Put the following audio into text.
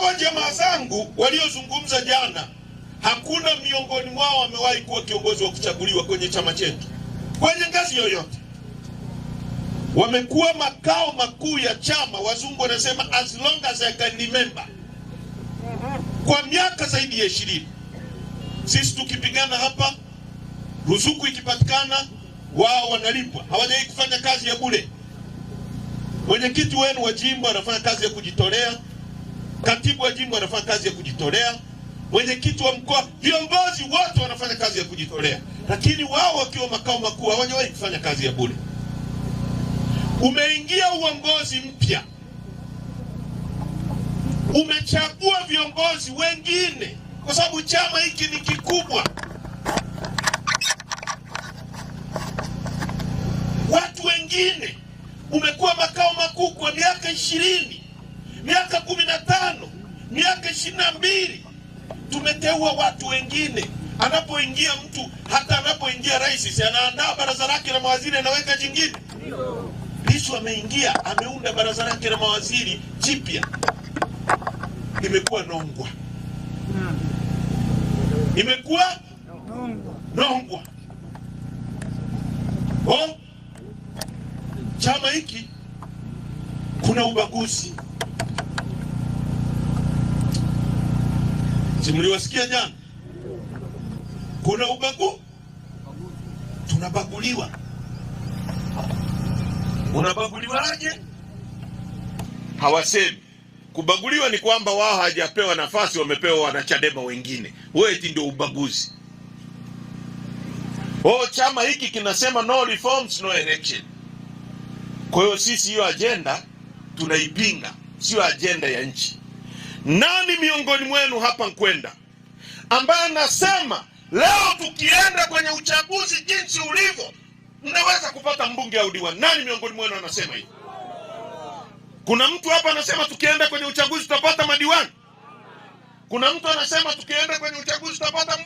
Hawa jamaa zangu waliozungumza jana, hakuna miongoni mwao amewahi kuwa kiongozi wa kuchaguliwa kwenye chama chetu kwenye ngazi yoyote. Wamekuwa makao makuu ya chama, wazungu wanasema as long as I can remember, kwa miaka zaidi ya ishirini. Sisi tukipigana hapa, ruzuku ikipatikana, wao wanalipwa, hawajawahi kufanya kazi ya bure. Mwenyekiti wenu wa jimbo anafanya kazi ya kujitolea katibu wa jimbo anafanya kazi ya kujitolea, mwenyekiti wa mkoa, viongozi wote wanafanya kazi ya kujitolea, lakini wao wakiwa makao makuu hawajawahi kufanya kazi ya bure. Umeingia uongozi mpya, umechagua viongozi wengine, kwa sababu chama hiki ni kikubwa, watu wengine, umekuwa makao makuu kwa miaka ishirini miaka kumi na tano miaka ishirini na mbili tumeteua watu wengine. Anapoingia mtu hata anapoingia rais anaandaa baraza lake la mawaziri, anaweka jingine. Lissu ameingia ameunda baraza lake la mawaziri jipya, imekuwa nongwa, imekuwa nongwa. Oh, chama hiki kuna ubaguzi. Si mliwasikia jana, kuna ubagu, tunabaguliwa. Unabaguliwaje? Hawasemi kubaguliwa ni kwamba wao hawajapewa nafasi, wamepewa wanachadema wengine. Wewe eti ndio ubaguzi? Oh, chama hiki kinasema no reforms no election. Kwa hiyo sisi hiyo ajenda tunaipinga, sio ajenda ya nchi. Nani miongoni mwenu hapa Nkwenda ambaye anasema leo tukienda kwenye uchaguzi jinsi ulivyo, mnaweza kupata mbunge au diwani? Nani miongoni mwenu anasema hivi? Kuna mtu hapa anasema tukienda kwenye uchaguzi tutapata madiwani? Kuna mtu anasema tukienda kwenye uchaguzi tutapata